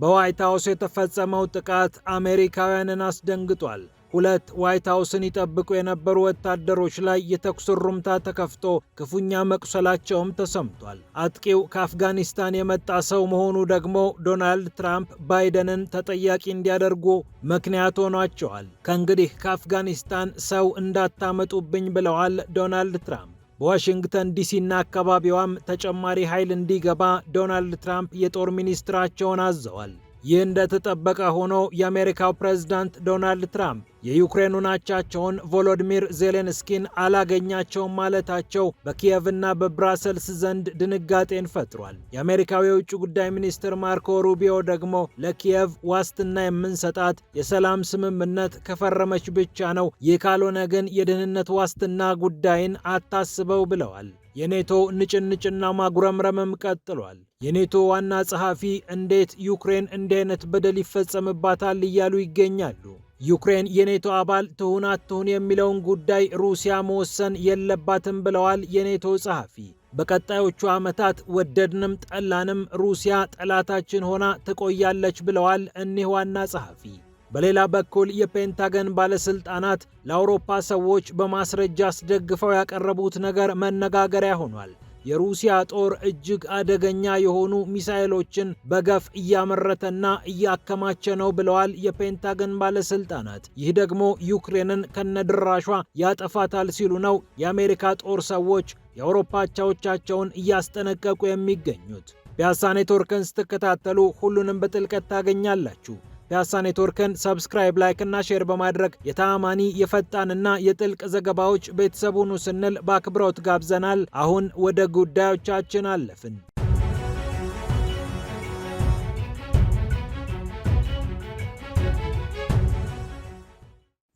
በዋይት ሀውስ የተፈጸመው ጥቃት አሜሪካውያንን አስደንግጧል። ሁለት ዋይት ሀውስን ይጠብቁ የነበሩ ወታደሮች ላይ የተኩስ ሩምታ ተከፍቶ ክፉኛ መቁሰላቸውም ተሰምቷል። አጥቂው ከአፍጋኒስታን የመጣ ሰው መሆኑ ደግሞ ዶናልድ ትራምፕ ባይደንን ተጠያቂ እንዲያደርጉ ምክንያት ሆኗቸዋል። ከእንግዲህ ከአፍጋኒስታን ሰው እንዳታመጡብኝ ብለዋል ዶናልድ ትራምፕ። በዋሽንግተን ዲሲና አካባቢዋም ተጨማሪ ኃይል እንዲገባ ዶናልድ ትራምፕ የጦር ሚኒስትራቸውን አዘዋል። ይህ እንደተጠበቀ ሆኖ የአሜሪካው ፕሬዝዳንት ዶናልድ ትራምፕ የዩክሬኑ አቻቸውን ቮሎዲሚር ዜሌንስኪን አላገኛቸውም ማለታቸው በኪየቭና በብራሰልስ ዘንድ ድንጋጤን ፈጥሯል። የአሜሪካው የውጭ ጉዳይ ሚኒስትር ማርኮ ሩቢዮ ደግሞ ለኪየቭ ዋስትና የምንሰጣት የሰላም ስምምነት ከፈረመች ብቻ ነው፣ ይህ ካልሆነ ግን የደህንነት ዋስትና ጉዳይን አታስበው ብለዋል። የኔቶ ንጭንጭና ማጉረምረምም ቀጥሏል። የኔቶ ዋና ጸሐፊ እንዴት ዩክሬን እንዲህ አይነት በደል ይፈጸምባታል እያሉ ይገኛሉ። ዩክሬን የኔቶ አባል ትሁን አትሁን የሚለውን ጉዳይ ሩሲያ መወሰን የለባትም ብለዋል የኔቶ ጸሐፊ። በቀጣዮቹ ዓመታት ወደድንም ጠላንም ሩሲያ ጠላታችን ሆና ትቆያለች ብለዋል እኒህ ዋና ጸሐፊ። በሌላ በኩል የፔንታገን ባለስልጣናት ለአውሮፓ ሰዎች በማስረጃ አስደግፈው ያቀረቡት ነገር መነጋገሪያ ሆኗል። የሩሲያ ጦር እጅግ አደገኛ የሆኑ ሚሳይሎችን በገፍ እያመረተና እያከማቸ ነው ብለዋል የፔንታገን ባለስልጣናት። ይህ ደግሞ ዩክሬንን ከነድራሿ ያጠፋታል ሲሉ ነው የአሜሪካ ጦር ሰዎች የአውሮፓ አቻዎቻቸውን እያስጠነቀቁ የሚገኙት። ፒያሳ ኔትወርክን ስትከታተሉ ሁሉንም በጥልቀት ታገኛላችሁ። ፒያሳ ኔትወርክን ሰብስክራይብ፣ ላይክ እና ሼር በማድረግ የተአማኒ የፈጣንና የጥልቅ ዘገባዎች ቤተሰቡን ስንል በአክብሮት ጋብዘናል። አሁን ወደ ጉዳዮቻችን አለፍን።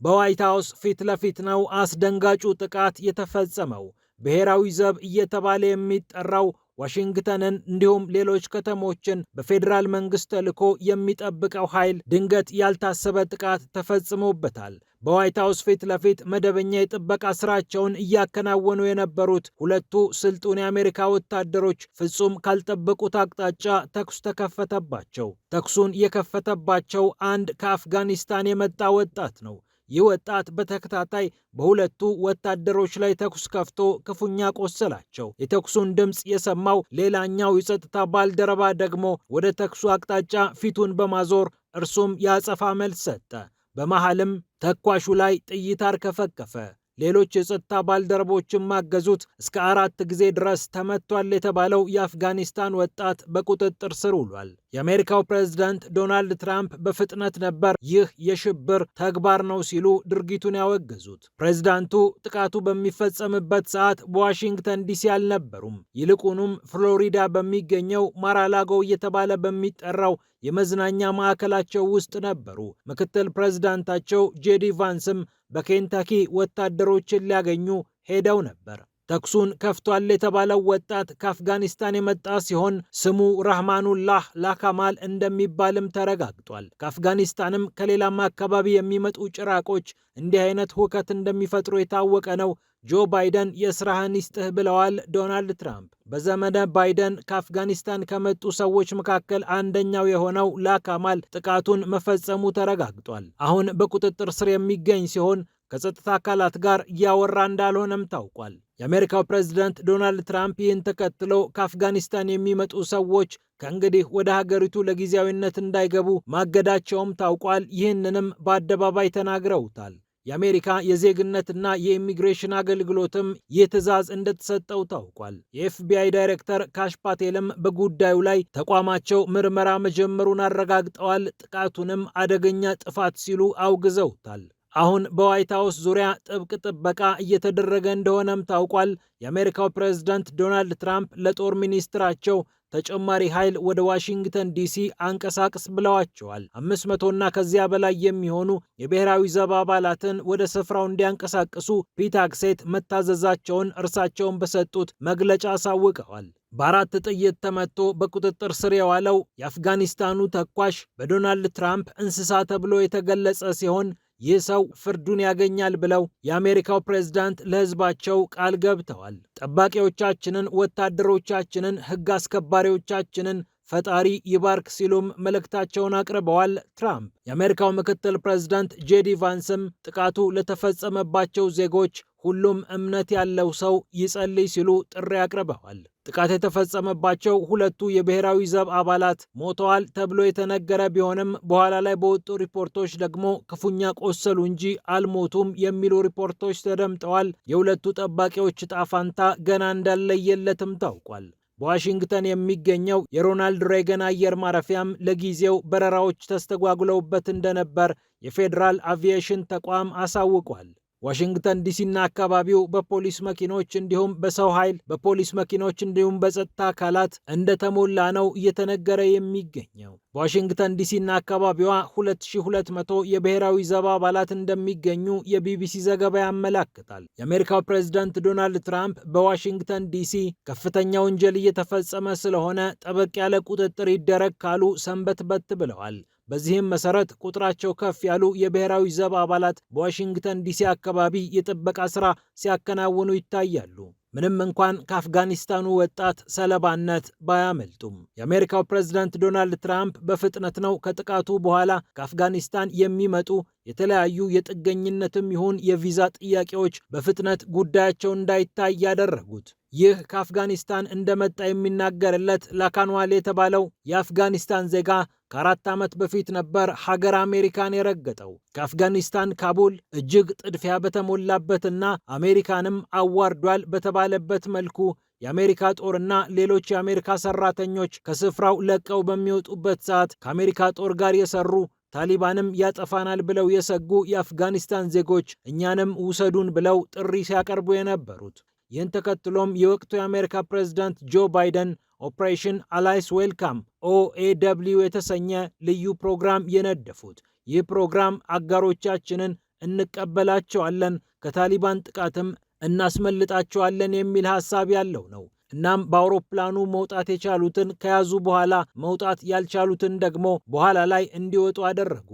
በዋይት ሀውስ ፊት ለፊት ነው አስደንጋጩ ጥቃት የተፈጸመው። ብሔራዊ ዘብ እየተባለ የሚጠራው ዋሽንግተንን እንዲሁም ሌሎች ከተሞችን በፌዴራል መንግስት ተልዕኮ የሚጠብቀው ኃይል ድንገት ያልታሰበ ጥቃት ተፈጽሞበታል። በዋይት ሀውስ ፊት ለፊት መደበኛ የጥበቃ ስራቸውን እያከናወኑ የነበሩት ሁለቱ ስልጡን የአሜሪካ ወታደሮች ፍጹም ካልጠበቁት አቅጣጫ ተኩስ ተከፈተባቸው። ተኩሱን የከፈተባቸው አንድ ከአፍጋኒስታን የመጣ ወጣት ነው። ይህ ወጣት በተከታታይ በሁለቱ ወታደሮች ላይ ተኩስ ከፍቶ ክፉኛ ቆሰላቸው። የተኩሱን ድምፅ የሰማው ሌላኛው የጸጥታ ባልደረባ ደግሞ ወደ ተኩሱ አቅጣጫ ፊቱን በማዞር እርሱም ያጸፋ መልስ ሰጠ። በመሃልም ተኳሹ ላይ ጥይት አርከፈከፈ። ሌሎች የጸጥታ ባልደረቦችም ማገዙት እስከ አራት ጊዜ ድረስ ተመቷል የተባለው የአፍጋኒስታን ወጣት በቁጥጥር ስር ውሏል። የአሜሪካው ፕሬዝዳንት ዶናልድ ትራምፕ በፍጥነት ነበር ይህ የሽብር ተግባር ነው ሲሉ ድርጊቱን ያወገዙት። ፕሬዝዳንቱ ጥቃቱ በሚፈጸምበት ሰዓት በዋሽንግተን ዲሲ አልነበሩም። ይልቁንም ፍሎሪዳ በሚገኘው ማራላጎ እየተባለ በሚጠራው የመዝናኛ ማዕከላቸው ውስጥ ነበሩ። ምክትል ፕሬዝዳንታቸው ጄዲ ቫንስም በኬንታኪ ወታደሮችን ሊያገኙ ሄደው ነበር። ተኩሱን ከፍቷል የተባለው ወጣት ከአፍጋኒስታን የመጣ ሲሆን ስሙ ራህማኑላህ ላካማል እንደሚባልም ተረጋግጧል። ከአፍጋኒስታንም ከሌላም አካባቢ የሚመጡ ጭራቆች እንዲህ አይነት ሁከት እንደሚፈጥሩ የታወቀ ነው። ጆ ባይደን የስራህን ይስጥህ ብለዋል ዶናልድ ትራምፕ። በዘመነ ባይደን ከአፍጋኒስታን ከመጡ ሰዎች መካከል አንደኛው የሆነው ላካማል ጥቃቱን መፈጸሙ ተረጋግጧል። አሁን በቁጥጥር ስር የሚገኝ ሲሆን ከጸጥታ አካላት ጋር እያወራ እንዳልሆነም ታውቋል። የአሜሪካው ፕሬዝዳንት ዶናልድ ትራምፕ ይህን ተከትለው ከአፍጋኒስታን የሚመጡ ሰዎች ከእንግዲህ ወደ ሀገሪቱ ለጊዜያዊነት እንዳይገቡ ማገዳቸውም ታውቋል። ይህንንም በአደባባይ ተናግረውታል። የአሜሪካ የዜግነትና የኢሚግሬሽን አገልግሎትም ይህ ትዕዛዝ እንደተሰጠው ታውቋል። የኤፍቢአይ ዳይሬክተር ካሽ ፓቴልም በጉዳዩ ላይ ተቋማቸው ምርመራ መጀመሩን አረጋግጠዋል። ጥቃቱንም አደገኛ ጥፋት ሲሉ አውግዘውታል። አሁን በዋይት ሀውስ ዙሪያ ጥብቅ ጥበቃ እየተደረገ እንደሆነም ታውቋል። የአሜሪካው ፕሬዝዳንት ዶናልድ ትራምፕ ለጦር ሚኒስትራቸው ተጨማሪ ኃይል ወደ ዋሽንግተን ዲሲ አንቀሳቅስ ብለዋቸዋል። አምስት መቶና ከዚያ በላይ የሚሆኑ የብሔራዊ ዘብ አባላትን ወደ ስፍራው እንዲያንቀሳቅሱ ፒታክሴት መታዘዛቸውን እርሳቸውን በሰጡት መግለጫ አሳውቀዋል። በአራት ጥይት ተመቶ በቁጥጥር ስር የዋለው የአፍጋኒስታኑ ተኳሽ በዶናልድ ትራምፕ እንስሳ ተብሎ የተገለጸ ሲሆን ይህ ሰው ፍርዱን ያገኛል ብለው የአሜሪካው ፕሬዝዳንት ለህዝባቸው ቃል ገብተዋል። ጠባቂዎቻችንን፣ ወታደሮቻችንን፣ ሕግ አስከባሪዎቻችንን ፈጣሪ ይባርክ ሲሉም መልእክታቸውን አቅርበዋል። ትራምፕ የአሜሪካው ምክትል ፕሬዝዳንት ጄዲ ቫንስም ጥቃቱ ለተፈጸመባቸው ዜጎች ሁሉም እምነት ያለው ሰው ይጸልይ ሲሉ ጥሪ አቅርበዋል። ጥቃት የተፈጸመባቸው ሁለቱ የብሔራዊ ዘብ አባላት ሞተዋል ተብሎ የተነገረ ቢሆንም በኋላ ላይ በወጡ ሪፖርቶች ደግሞ ክፉኛ ቆሰሉ እንጂ አልሞቱም የሚሉ ሪፖርቶች ተደምጠዋል። የሁለቱ ጠባቂዎች ዕጣ ፈንታ ገና እንዳለየለትም ታውቋል። በዋሽንግተን የሚገኘው የሮናልድ ሬገን አየር ማረፊያም ለጊዜው በረራዎች ተስተጓጉለውበት እንደነበር የፌዴራል አቪዬሽን ተቋም አሳውቋል። ዋሽንግተን ዲሲና አካባቢው በፖሊስ መኪኖች እንዲሁም በሰው ኃይል በፖሊስ መኪኖች እንዲሁም በጸጥታ አካላት እንደተሞላ ነው እየተነገረ የሚገኘው። በዋሽንግተን ዲሲና አካባቢዋ 2200 የብሔራዊ ዘብ አባላት እንደሚገኙ የቢቢሲ ዘገባ ያመላክታል። የአሜሪካው ፕሬዝዳንት ዶናልድ ትራምፕ በዋሽንግተን ዲሲ ከፍተኛ ወንጀል እየተፈጸመ ስለሆነ ጠበቅ ያለ ቁጥጥር ይደረግ ካሉ ሰንበት በት ብለዋል። በዚህም መሰረት ቁጥራቸው ከፍ ያሉ የብሔራዊ ዘብ አባላት በዋሽንግተን ዲሲ አካባቢ የጥበቃ ስራ ሲያከናውኑ ይታያሉ። ምንም እንኳን ከአፍጋኒስታኑ ወጣት ሰለባነት ባያመልጡም የአሜሪካው ፕሬዝዳንት ዶናልድ ትራምፕ በፍጥነት ነው ከጥቃቱ በኋላ ከአፍጋኒስታን የሚመጡ የተለያዩ የጥገኝነትም ይሁን የቪዛ ጥያቄዎች በፍጥነት ጉዳያቸው እንዳይታይ ያደረጉት። ይህ ከአፍጋኒስታን እንደመጣ የሚናገርለት ላካንዋል የተባለው የአፍጋኒስታን ዜጋ ከአራት ዓመት በፊት ነበር ሀገር አሜሪካን የረገጠው። ከአፍጋኒስታን ካቡል እጅግ ጥድፊያ በተሞላበትና አሜሪካንም አዋርዷል በተባለበት መልኩ የአሜሪካ ጦርና ሌሎች የአሜሪካ ሰራተኞች ከስፍራው ለቀው በሚወጡበት ሰዓት ከአሜሪካ ጦር ጋር የሰሩ ታሊባንም ያጠፋናል ብለው የሰጉ የአፍጋኒስታን ዜጎች እኛንም ውሰዱን ብለው ጥሪ ሲያቀርቡ የነበሩት ይህን ተከትሎም የወቅቱ የአሜሪካ ፕሬዝዳንት ጆ ባይደን ኦፕሬሽን አላይስ ዌልካም ኦኤደብልዩ የተሰኘ ልዩ ፕሮግራም የነደፉት። ይህ ፕሮግራም አጋሮቻችንን እንቀበላቸዋለን፣ ከታሊባን ጥቃትም እናስመልጣቸዋለን የሚል ሐሳብ ያለው ነው። እናም በአውሮፕላኑ መውጣት የቻሉትን ከያዙ በኋላ መውጣት ያልቻሉትን ደግሞ በኋላ ላይ እንዲወጡ አደረጉ።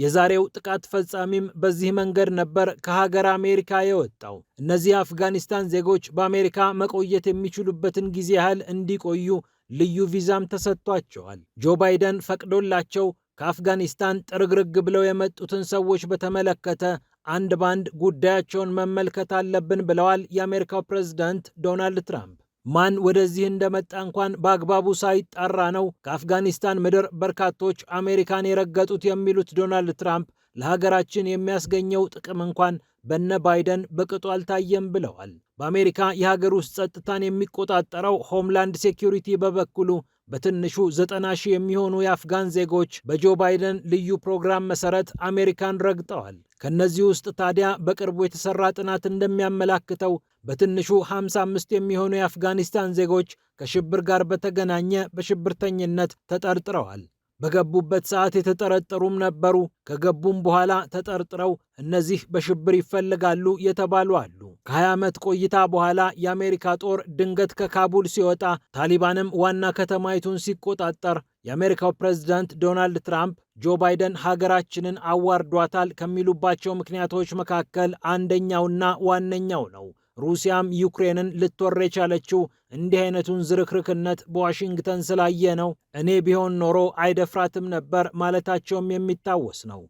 የዛሬው ጥቃት ፈጻሚም በዚህ መንገድ ነበር ከሀገር አሜሪካ የወጣው። እነዚህ አፍጋኒስታን ዜጎች በአሜሪካ መቆየት የሚችሉበትን ጊዜ ያህል እንዲቆዩ ልዩ ቪዛም ተሰጥቷቸዋል። ጆ ባይደን ፈቅዶላቸው ከአፍጋኒስታን ጥርግርግ ብለው የመጡትን ሰዎች በተመለከተ አንድ ባንድ ጉዳያቸውን መመልከት አለብን ብለዋል የአሜሪካው ፕሬዝዳንት ዶናልድ ትራምፕ። ማን ወደዚህ እንደመጣ እንኳን በአግባቡ ሳይጣራ ነው ከአፍጋኒስታን ምድር በርካቶች አሜሪካን የረገጡት የሚሉት ዶናልድ ትራምፕ ለሀገራችን የሚያስገኘው ጥቅም እንኳን በነ ባይደን በቅጡ አልታየም ብለዋል። በአሜሪካ የሀገር ውስጥ ጸጥታን የሚቆጣጠረው ሆምላንድ ሴኪሪቲ በበኩሉ በትንሹ 90 ሺህ የሚሆኑ የአፍጋን ዜጎች በጆ ባይደን ልዩ ፕሮግራም መሰረት አሜሪካን ረግጠዋል። ከእነዚህ ውስጥ ታዲያ በቅርቡ የተሰራ ጥናት እንደሚያመላክተው በትንሹ 55 የሚሆኑ የአፍጋኒስታን ዜጎች ከሽብር ጋር በተገናኘ በሽብርተኝነት ተጠርጥረዋል። በገቡበት ሰዓት የተጠረጠሩም ነበሩ። ከገቡም በኋላ ተጠርጥረው እነዚህ በሽብር ይፈልጋሉ የተባሉ አሉ። ከ20 ዓመት ቆይታ በኋላ የአሜሪካ ጦር ድንገት ከካቡል ሲወጣ ታሊባንም ዋና ከተማይቱን ሲቆጣጠር የአሜሪካው ፕሬዝዳንት ዶናልድ ትራምፕ ጆ ባይደን ሀገራችንን አዋርዷታል ከሚሉባቸው ምክንያቶች መካከል አንደኛውና ዋነኛው ነው። ሩሲያም ዩክሬንን ልትወር የቻለችው እንዲህ አይነቱን ዝርክርክነት በዋሽንግተን ስላየ ነው። እኔ ቢሆን ኖሮ አይደፍራትም ነበር ማለታቸውም የሚታወስ ነው።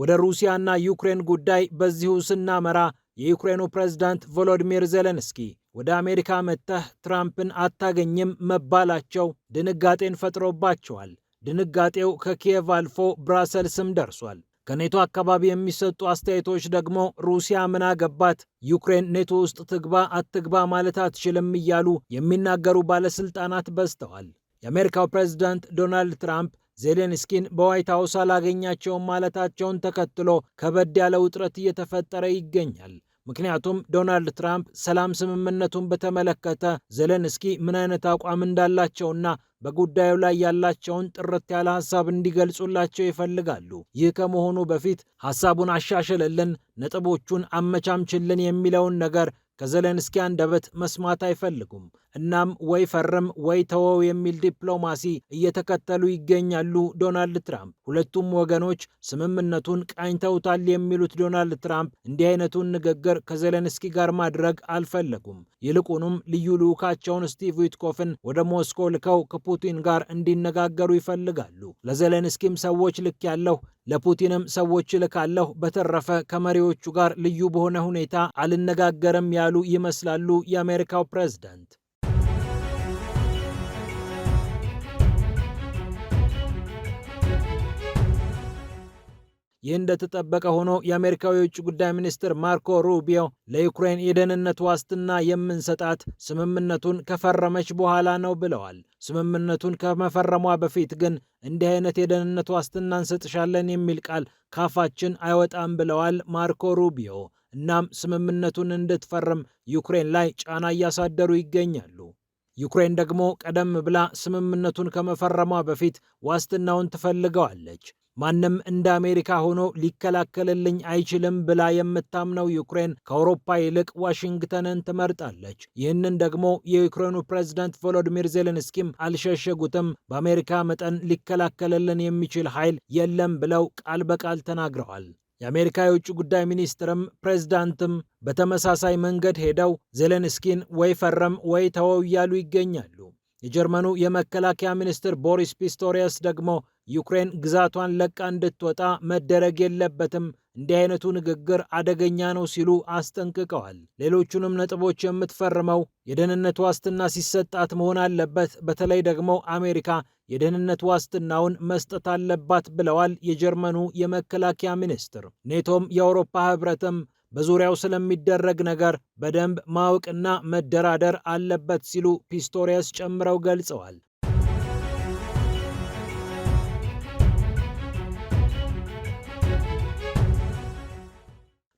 ወደ ሩሲያና ዩክሬን ጉዳይ በዚሁ ስናመራ የዩክሬኑ ፕሬዝዳንት ቮሎዲሚር ዜሌንስኪ ወደ አሜሪካ መጥተህ ትራምፕን አታገኝም መባላቸው ድንጋጤን ፈጥሮባቸዋል። ድንጋጤው ከኪየቭ አልፎ ብራሰልስም ደርሷል። ከኔቶ አካባቢ የሚሰጡ አስተያየቶች ደግሞ ሩሲያ ምን አገባት፣ ዩክሬን ኔቶ ውስጥ ትግባ አትግባ ማለት አትችልም እያሉ የሚናገሩ ባለሥልጣናት በዝተዋል። የአሜሪካው ፕሬዝዳንት ዶናልድ ትራምፕ ዜሌንስኪን በዋይት ሀውስ አላገኛቸውም ማለታቸውን ተከትሎ ከበድ ያለ ውጥረት እየተፈጠረ ይገኛል። ምክንያቱም ዶናልድ ትራምፕ ሰላም ስምምነቱን በተመለከተ ዜሌንስኪ ምን አይነት አቋም እንዳላቸውና በጉዳዩ ላይ ያላቸውን ጥርት ያለ ሀሳብ እንዲገልጹላቸው ይፈልጋሉ። ይህ ከመሆኑ በፊት ሀሳቡን አሻሽልልን፣ ነጥቦቹን አመቻምችልን የሚለውን ነገር ከዘለንስኪ አንደበት መስማት አይፈልጉም። እናም ወይ ፈርም ወይ ተወው የሚል ዲፕሎማሲ እየተከተሉ ይገኛሉ ዶናልድ ትራምፕ። ሁለቱም ወገኖች ስምምነቱን ቃኝተውታል የሚሉት ዶናልድ ትራምፕ እንዲህ አይነቱን ንግግር ከዘለንስኪ ጋር ማድረግ አልፈለጉም። ይልቁንም ልዩ ልዑካቸውን ስቲቭ ዊትኮፍን ወደ ሞስኮ ልከው ከፑቲን ጋር እንዲነጋገሩ ይፈልጋሉ። ለዘለንስኪም ሰዎች ልክ ያለው ለፑቲንም ሰዎች እልካለሁ። በተረፈ ከመሪዎቹ ጋር ልዩ በሆነ ሁኔታ አልነጋገርም ያሉ ይመስላሉ የአሜሪካው ፕሬዝዳንት። ይህ እንደተጠበቀ ሆኖ የአሜሪካው የውጭ ጉዳይ ሚኒስትር ማርኮ ሩቢዮ ለዩክሬን የደህንነት ዋስትና የምንሰጣት ስምምነቱን ከፈረመች በኋላ ነው ብለዋል። ስምምነቱን ከመፈረሟ በፊት ግን እንዲህ አይነት የደህንነት ዋስትና እንሰጥሻለን የሚል ቃል ካፋችን አይወጣም ብለዋል ማርኮ ሩቢዮ። እናም ስምምነቱን እንድትፈርም ዩክሬን ላይ ጫና እያሳደሩ ይገኛሉ። ዩክሬን ደግሞ ቀደም ብላ ስምምነቱን ከመፈረሟ በፊት ዋስትናውን ትፈልገዋለች። ማንም እንደ አሜሪካ ሆኖ ሊከላከልልኝ አይችልም ብላ የምታምነው ዩክሬን ከአውሮፓ ይልቅ ዋሽንግተንን ትመርጣለች። ይህንን ደግሞ የዩክሬኑ ፕሬዝዳንት ቮሎዲሚር ዜሌንስኪም አልሸሸጉትም። በአሜሪካ መጠን ሊከላከልልን የሚችል ኃይል የለም ብለው ቃል በቃል ተናግረዋል። የአሜሪካ የውጭ ጉዳይ ሚኒስትርም ፕሬዝዳንትም በተመሳሳይ መንገድ ሄደው ዜሌንስኪን ወይ ፈረም ወይ ተወው እያሉ ይገኛሉ። የጀርመኑ የመከላከያ ሚኒስትር ቦሪስ ፒስቶሪየስ ደግሞ ዩክሬን ግዛቷን ለቃ እንድትወጣ መደረግ የለበትም፣ እንዲህ አይነቱ ንግግር አደገኛ ነው ሲሉ አስጠንቅቀዋል። ሌሎቹንም ነጥቦች የምትፈርመው የደህንነት ዋስትና ሲሰጣት መሆን አለበት፣ በተለይ ደግሞ አሜሪካ የደህንነት ዋስትናውን መስጠት አለባት ብለዋል የጀርመኑ የመከላከያ ሚኒስትር። ኔቶም የአውሮፓ ህብረትም በዙሪያው ስለሚደረግ ነገር በደንብ ማወቅና መደራደር አለበት ሲሉ ፒስቶሪየስ ጨምረው ገልጸዋል።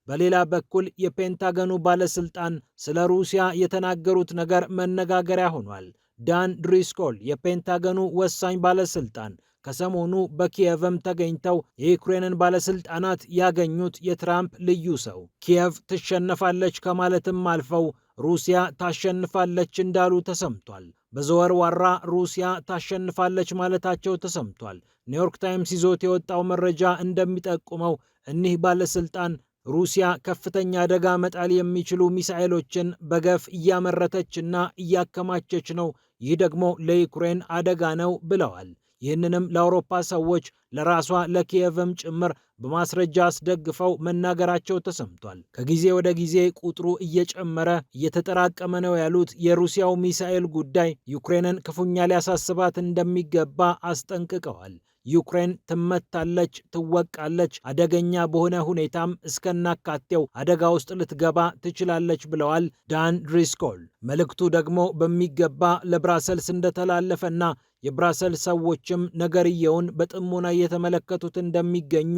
በሌላ በኩል የፔንታገኑ ባለስልጣን ስለ ሩሲያ የተናገሩት ነገር መነጋገሪያ ሆኗል። ዳን ድሪስኮል የፔንታገኑ ወሳኝ ባለስልጣን ከሰሞኑ በኪየቭም ተገኝተው የዩክሬንን ባለስልጣናት ያገኙት የትራምፕ ልዩ ሰው ኪየቭ ትሸነፋለች ከማለትም አልፈው ሩሲያ ታሸንፋለች እንዳሉ ተሰምቷል። በዘወርዋራ ሩሲያ ታሸንፋለች ማለታቸው ተሰምቷል። ኒውዮርክ ታይምስ ይዞት የወጣው መረጃ እንደሚጠቁመው እኒህ ባለስልጣን ሩሲያ ከፍተኛ አደጋ መጣል የሚችሉ ሚሳኤሎችን በገፍ እያመረተችና እያከማቸች ነው፣ ይህ ደግሞ ለዩክሬን አደጋ ነው ብለዋል። ይህንንም ለአውሮፓ ሰዎች ለራሷ ለኪየቭም ጭምር በማስረጃ አስደግፈው መናገራቸው ተሰምቷል። ከጊዜ ወደ ጊዜ ቁጥሩ እየጨመረ እየተጠራቀመ ነው ያሉት የሩሲያው ሚሳኤል ጉዳይ ዩክሬንን ክፉኛ ሊያሳስባት እንደሚገባ አስጠንቅቀዋል። ዩክሬን ትመታለች፣ ትወቃለች፣ አደገኛ በሆነ ሁኔታም እስከናካቴው አደጋ ውስጥ ልትገባ ትችላለች ብለዋል ዳን ድሪስኮል። መልእክቱ ደግሞ በሚገባ ለብራሰልስ እንደተላለፈና የብራሰልስ ሰዎችም ነገርየውን በጥሞና እየተመለከቱት እንደሚገኙ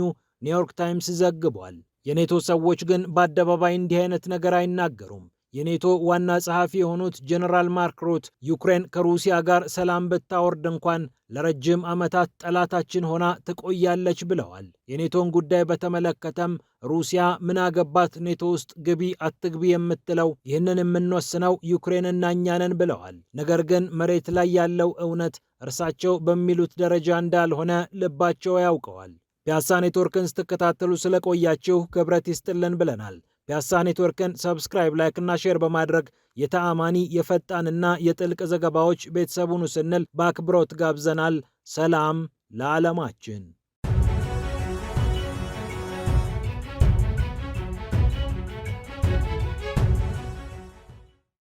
ኒውዮርክ ታይምስ ዘግቧል። የኔቶ ሰዎች ግን በአደባባይ እንዲህ አይነት ነገር አይናገሩም። የኔቶ ዋና ጸሐፊ የሆኑት ጀኔራል ማርክ ሮት ዩክሬን ከሩሲያ ጋር ሰላም ብታወርድ እንኳን ለረጅም ዓመታት ጠላታችን ሆና ትቆያለች ብለዋል። የኔቶን ጉዳይ በተመለከተም ሩሲያ ምን አገባት ኔቶ ውስጥ ግቢ አትግቢ የምትለው ይህንን የምንወስነው ዩክሬንና እኛ ነን ብለዋል። ነገር ግን መሬት ላይ ያለው እውነት እርሳቸው በሚሉት ደረጃ እንዳልሆነ ልባቸው ያውቀዋል። ፒያሳ ኔትወርክን ስትከታተሉ ስለቆያችሁ ክብረት ይስጥልን ብለናል። ፒያሳ ኔትወርክን ሰብስክራይብ፣ እና ሼር በማድረግ የተአማኒ የፈጣንና የጥልቅ ዘገባዎች ቤተሰቡን ስንል በአክብሮት ጋብዘናል። ሰላም ለዓለማችን።